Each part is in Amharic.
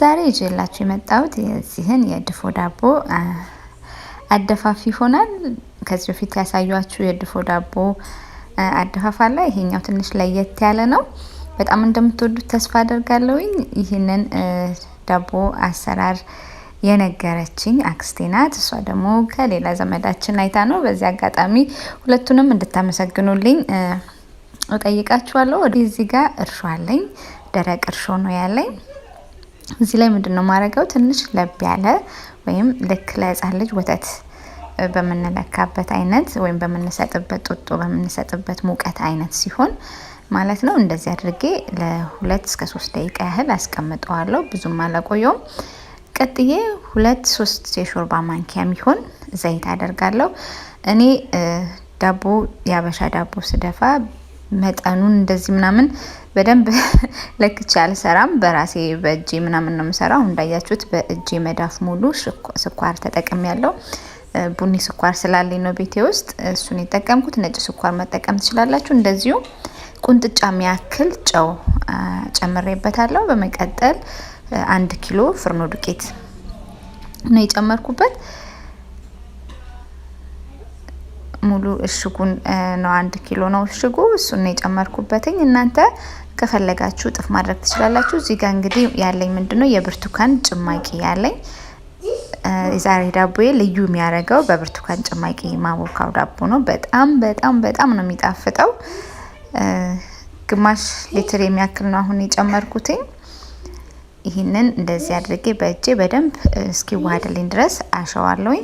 ዛሬ ይዤላችሁ የመጣሁት የዚህን የድፎ ዳቦ አደፋፍ ይሆናል። ከዚህ በፊት ያሳያችሁ የድፎ ዳቦ አደፋፋ ላይ ይሄኛው ትንሽ ለየት ያለ ነው። በጣም እንደምትወዱት ተስፋ አደርጋለሁኝ። ይህንን ዳቦ አሰራር የነገረችኝ አክስቴ ናት። እሷ ደግሞ ከሌላ ዘመዳችን አይታ ነው። በዚህ አጋጣሚ ሁለቱንም እንድታመሰግኑልኝ እጠይቃችኋለሁ። እዚህ ጋር እርሾ አለኝ፣ ደረቅ እርሾ ነው ያለኝ እዚህ ላይ ምንድን ነው ማድረገው ትንሽ ለብ ያለ ወይም ልክ ለህፃን ልጅ ወተት በምንለካበት አይነት ወይም በምንሰጥበት ጡጦ በምንሰጥበት ሙቀት አይነት ሲሆን ማለት ነው። እንደዚህ አድርጌ ለሁለት እስከ ሶስት ደቂቃ ያህል አስቀምጠዋለሁ። ብዙም አላቆየውም። ቀጥዬ ሁለት ሶስት የሾርባ ማንኪያ የሚሆን ዘይት አደርጋለሁ። እኔ ዳቦ የአበሻ ዳቦ ስደፋ መጠኑን እንደዚህ ምናምን በደንብ ለክቼ አልሰራም። በራሴ በእጄ ምናምን ነው የምሰራው። እንዳያችሁት በእጄ መዳፍ ሙሉ ስኳር ተጠቅም ያለው ቡኒ ስኳር ስላለኝ ነው ቤቴ ውስጥ እሱን የጠቀምኩት። ነጭ ስኳር መጠቀም ትችላላችሁ። እንደዚሁ ቁንጥጫ የሚያክል ጨው ጨምሬበታለሁ። በመቀጠል አንድ ኪሎ ፍርኖ ዱቄት ነው የጨመርኩበት። ሙሉ እሽጉን ነው አንድ ኪሎ ነው እሽጉ፣ እሱን ነው የጨመርኩበትኝ እናንተ ከፈለጋችሁ እጥፍ ማድረግ ትችላላችሁ። እዚህ ጋር እንግዲህ ያለኝ ምንድነው የብርቱካን ጭማቂ ያለኝ የዛሬ ዳቦዬ ልዩ የሚያደርገው በብርቱካን ጭማቂ ማቦካው ዳቦ ነው። በጣም በጣም በጣም ነው የሚጣፍጠው። ግማሽ ሊትር የሚያክል ነው አሁን የጨመርኩትኝ። ይህንን እንደዚህ አድርጌ በእጄ በደንብ እስኪዋሃድልኝ ድረስ አሸዋለሁኝ።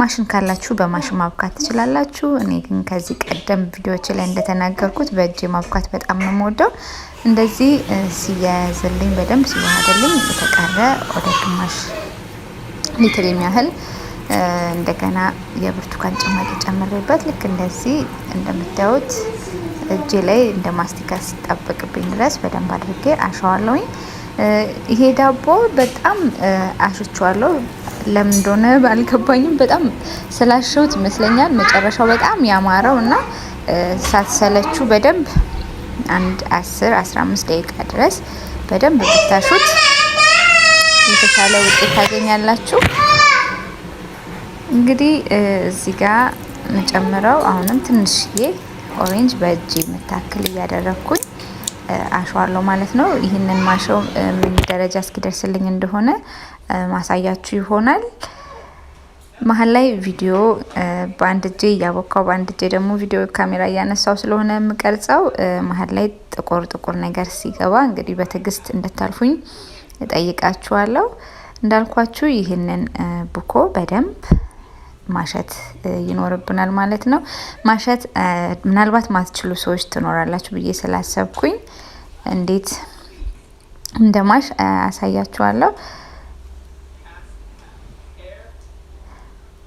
ማሽን ካላችሁ በማሽን ማብካት ትችላላችሁ። እኔ ግን ከዚህ ቀደም ቪዲዮዎች ላይ እንደተናገርኩት በእጄ ማብካት በጣም ነው የምወደው። እንደዚህ ሲያያዝልኝ በደንብ ሲዋሃደልኝ የተቀረ ወደ ግማሽ ሊትር የሚያህል እንደገና የብርቱካን ጭማቂ ጨምሬበት ልክ እንደዚህ እንደምታዩት እጄ ላይ እንደ ማስቲካ ሲጣበቅብኝ ድረስ በደንብ አድርጌ አሸዋለሁኝ። ይሄ ዳቦ በጣም አሽቸዋለሁ። ለምን እንደሆነ አልገባኝም። በጣም ስላሸሁት ይመስለኛል። መጨረሻው በጣም ያማረው እና ሳትሰለችሁ በደንብ አንድ 10 15 ደቂቃ ድረስ በደንብ ብታሹት የተሻለ ውጤት ታገኛላችሁ። እንግዲህ እዚህ ጋር መጨምረው አሁንም ትንሽዬ ኦሬንጅ በእጅ የምታክል እያደረግኩኝ አሸዋለሁ ማለት ነው። ይህንን ማሸው ምን ደረጃ እስኪደርስልኝ እንደሆነ ማሳያችሁ ይሆናል። መሀል ላይ ቪዲዮ በአንድ እጄ እያቦካው በአንድ እጄ ደግሞ ቪዲዮ ካሜራ እያነሳው ስለሆነ የምቀርጸው መሀል ላይ ጥቁር ጥቁር ነገር ሲገባ እንግዲህ በትዕግስት እንድታልፉኝ እጠይቃችኋለሁ። እንዳልኳችሁ ይህንን ቡኮ በደንብ ማሸት ይኖርብናል ማለት ነው። ማሸት ምናልባት ማትችሉ ሰዎች ትኖራላችሁ ብዬ ስላሰብኩኝ እንዴት እንደማሽ አሳያችኋለሁ።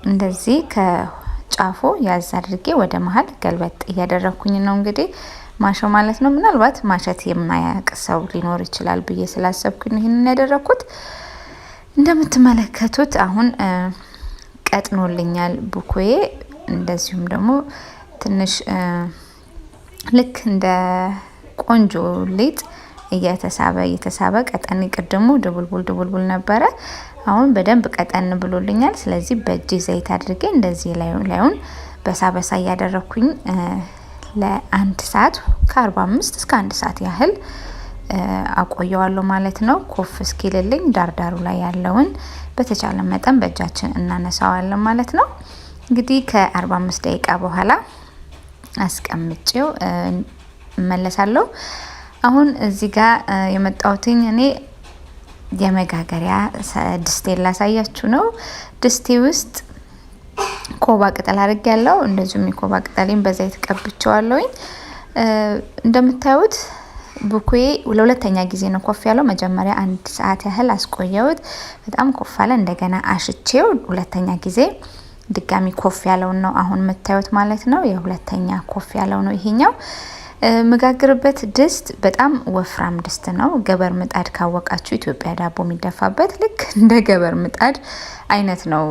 እንደዚህ ከጫፉ ያዝ አድርጌ ወደ መሀል ገልበጥ እያደረግኩኝ ነው እንግዲህ ማሸው ማለት ነው። ምናልባት ማሸት የማያቅ ሰው ሊኖር ይችላል ብዬ ስላሰብኩኝ ይህንን ያደረግኩት። እንደምትመለከቱት አሁን ቀጥኖልኛል ቡኮዬ። እንደዚሁም ደግሞ ትንሽ ልክ እንደ ቆንጆ ሊጥ እየተሳበ እየተሳበ ቀጠን ቅድሙ ድቡልቡል ድቡልቡል ነበረ። አሁን በደንብ ቀጠን ብሎልኛል። ስለዚህ በእጅ ዘይት አድርጌ እንደዚህ ላዩን በሳ በሳ እያደረግኩኝ ለአንድ ሰዓት ከ45 እስከ አንድ ሰዓት ያህል አቆየዋለሁ ማለት ነው። ኮፍ እስኪልልኝ ዳርዳሩ ላይ ያለውን በተቻለ መጠን በእጃችን እናነሳዋለን ማለት ነው። እንግዲህ ከ45 ደቂቃ በኋላ አስቀምጬው እመለሳለሁ። አሁን እዚህ ጋር የመጣሁትኝ እኔ የመጋገሪያ ድስቴ ላሳያችሁ ነው። ድስቴ ውስጥ ኮባ ቅጠል አድርግ ያለው እንደዚሁም የኮባ ቅጠሌን በዛ የተቀብቸዋለውኝ። እንደምታዩት ቡኩዌ ለሁለተኛ ጊዜ ነው ኮፍ ያለው። መጀመሪያ አንድ ሰዓት ያህል አስቆየውት በጣም ኮፍ አለ። እንደገና አሽቼው ሁለተኛ ጊዜ ድጋሚ ኮፍ ያለውን ነው አሁን የምታዩት ማለት ነው። የሁለተኛ ኮፍ ያለው ነው ይሄኛው። መጋግርበት ድስት በጣም ወፍራም ድስት ነው። ገበር ምጣድ ካወቃችሁ ኢትዮጵያ ዳቦ የሚደፋበት ልክ እንደ ገበር ምጣድ አይነት ነው።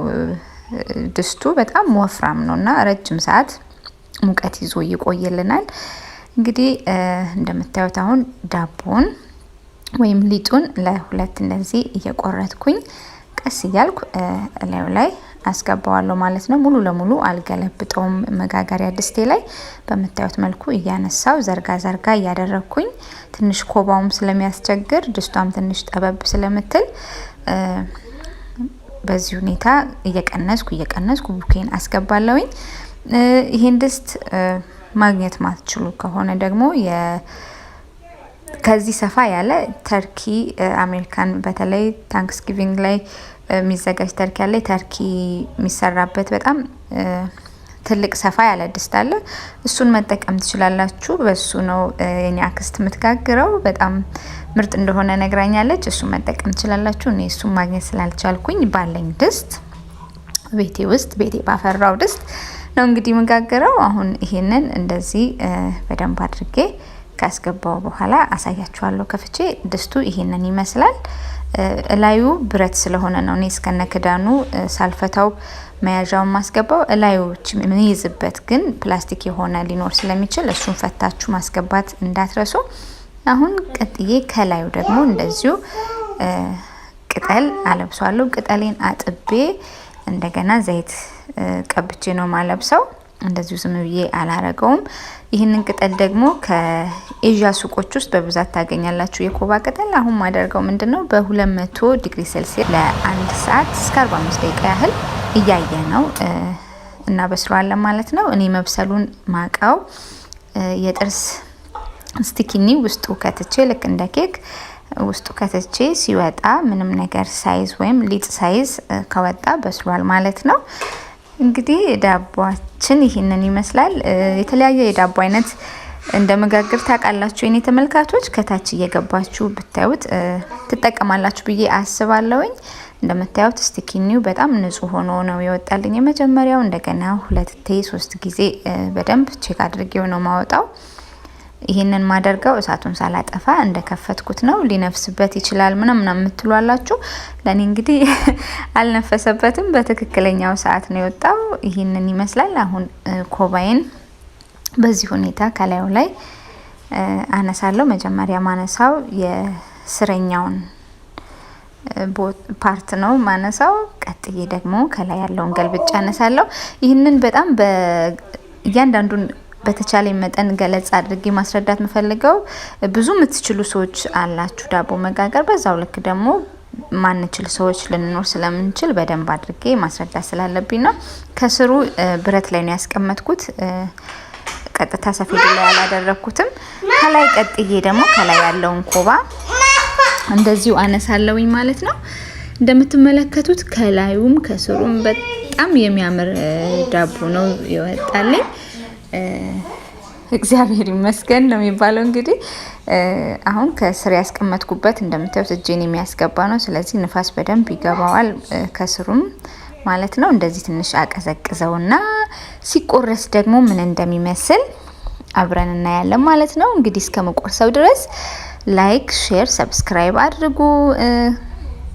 ድስቱ በጣም ወፍራም ነው እና ረጅም ሰዓት ሙቀት ይዞ ይቆይልናል። እንግዲህ እንደምታዩት አሁን ዳቦን ወይም ሊጡን ለሁለት እንደዚህ እየቆረጥኩኝ ቀስ እያልኩ እላዩ ላይ አስገባዋለሁ ማለት ነው። ሙሉ ለሙሉ አልገለብጠውም። መጋገሪያ ድስቴ ላይ በምታዩት መልኩ እያነሳው ዘርጋ ዘርጋ እያደረግኩኝ ትንሽ ኮባውም ስለሚያስቸግር ድስቷም ትንሽ ጠበብ ስለምትል በዚህ ሁኔታ እየቀነስኩ እየቀነስኩ ቡኬን አስገባለሁኝ። ይህን ድስት ማግኘት ማትችሉ ከሆነ ደግሞ ከዚህ ሰፋ ያለ ተርኪ አሜሪካን በተለይ ታንክስጊቪንግ ላይ የሚዘጋጅ ተርኪ ያለ ተርኪ የሚሰራበት በጣም ትልቅ ሰፋ ያለ ድስት አለ። እሱን መጠቀም ትችላላችሁ። በሱ ነው የኔ አክስት የምትጋግረው። በጣም ምርጥ እንደሆነ ነግራኛለች። እሱን መጠቀም ትችላላችሁ። እኔ እሱን ማግኘት ስላልቻልኩኝ ባለኝ ድስት ቤቴ ውስጥ ቤቴ ባፈራው ድስት ነው እንግዲህ የምጋግረው። አሁን ይሄንን እንደዚህ በደንብ አድርጌ ካስገባው በኋላ አሳያችኋለሁ። ከፍቼ ድስቱ ይሄንን ይመስላል። እላዩ ብረት ስለሆነ ነው እኔ እስከነ ክዳኑ ሳልፈታው መያዣውን ማስገባው። እላዩች የምንይዝበት ግን ፕላስቲክ የሆነ ሊኖር ስለሚችል እሱን ፈታችሁ ማስገባት እንዳትረሱ። አሁን ቀጥዬ ከላዩ ደግሞ እንደዚሁ ቅጠል አለብሷለሁ። ቅጠሌን አጥቤ እንደገና ዘይት ቀብቼ ነው ማለብሰው። እንደዚሁ ዝም ብዬ አላረገውም። ይህንን ቅጠል ደግሞ ከኤዥያ ሱቆች ውስጥ በብዛት ታገኛላችሁ። የኮባ ቅጠል አሁን ማደርገው ምንድን ነው በ200 ዲግሪ ሴልሲየስ ለአንድ ሰዓት እስከ 45 ደቂቃ ያህል እያየ ነው እናበስለዋለን ማለት ነው። እኔ መብሰሉን ማቀው የጥርስ ስቲኪኒ ውስጡ ከትቼ ልክ እንደ ኬክ ውስጡ ከትቼ ሲወጣ ምንም ነገር ሳይዝ ወይም ሊጥ ሳይዝ ከወጣ በስሏል ማለት ነው። እንግዲህ ዳቧችን ይህንን ይመስላል። የተለያየ የዳቦ አይነት እንደ መጋገር ታውቃላችሁ የኔ ተመልካቾች፣ ከታች እየገባችሁ ብታዩት ትጠቀማላችሁ ብዬ አስባለሁኝ። እንደምታዩት ስቲኪኒው በጣም ንጹህ ሆኖ ነው የወጣልኝ የመጀመሪያው። እንደገና ሁለት ሶስት ጊዜ በደንብ ቼክ አድርጌው ነው ማወጣው። ይህንን ማደርገው እሳቱን ሳላጠፋ እንደከፈትኩት ነው። ሊነፍስበት ይችላል ምናምን የምትሉ አላችሁ። ለእኔ እንግዲህ አልነፈሰበትም። በትክክለኛው ሰዓት ነው የወጣው። ይህንን ይመስላል። አሁን ኮባይን በዚህ ሁኔታ ከላዩ ላይ አነሳለሁ። መጀመሪያ ማነሳው የስረኛውን ፓርት ነው ማነሳው። ቀጥዬ ደግሞ ከላይ ያለውን ገልብጫ አነሳለሁ። ይህንን በጣም እያንዳንዱን በተቻለ መጠን ገለጻ አድርጌ ማስረዳት የምፈልገው ብዙ የምትችሉ ሰዎች አላችሁ ዳቦ መጋገር፣ በዛው ልክ ደግሞ ማንችል ሰዎች ልንኖር ስለምንችል በደንብ አድርጌ ማስረዳት ስላለብኝ ነው። ከስሩ ብረት ላይ ነው ያስቀመጥኩት። ቀጥታ ሰፌድ ላይ አላደረግኩትም። ከላይ ቀጥዬ ደግሞ ከላይ ያለውን ኮባ እንደዚሁ አነሳለውኝ ማለት ነው። እንደምትመለከቱት ከላዩም ከስሩም በጣም የሚያምር ዳቦ ነው ይወጣልኝ። እግዚአብሔር ይመስገን ነው የሚባለው። እንግዲህ አሁን ከስር ያስቀመጥኩበት እንደምታዩት እጄን የሚያስገባ ነው። ስለዚህ ንፋስ በደንብ ይገባዋል ከስሩም ማለት ነው። እንደዚህ ትንሽ አቀዘቅዘውና ሲቆረስ ደግሞ ምን እንደሚመስል አብረን እናያለን ማለት ነው። እንግዲህ እስከ መቆርሰው ድረስ ላይክ፣ ሼር፣ ሰብስክራይብ አድርጉ።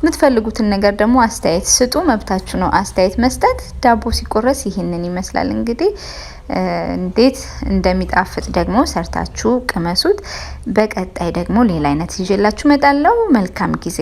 የምትፈልጉትን ነገር ደግሞ አስተያየት ስጡ፣ መብታችሁ ነው አስተያየት መስጠት። ዳቦ ሲቆረስ ይህንን ይመስላል እንግዲህ። እንዴት እንደሚጣፍጥ ደግሞ ሰርታችሁ ቅመሱት። በቀጣይ ደግሞ ሌላ አይነት ይዤላችሁ መጣለው። መልካም ጊዜ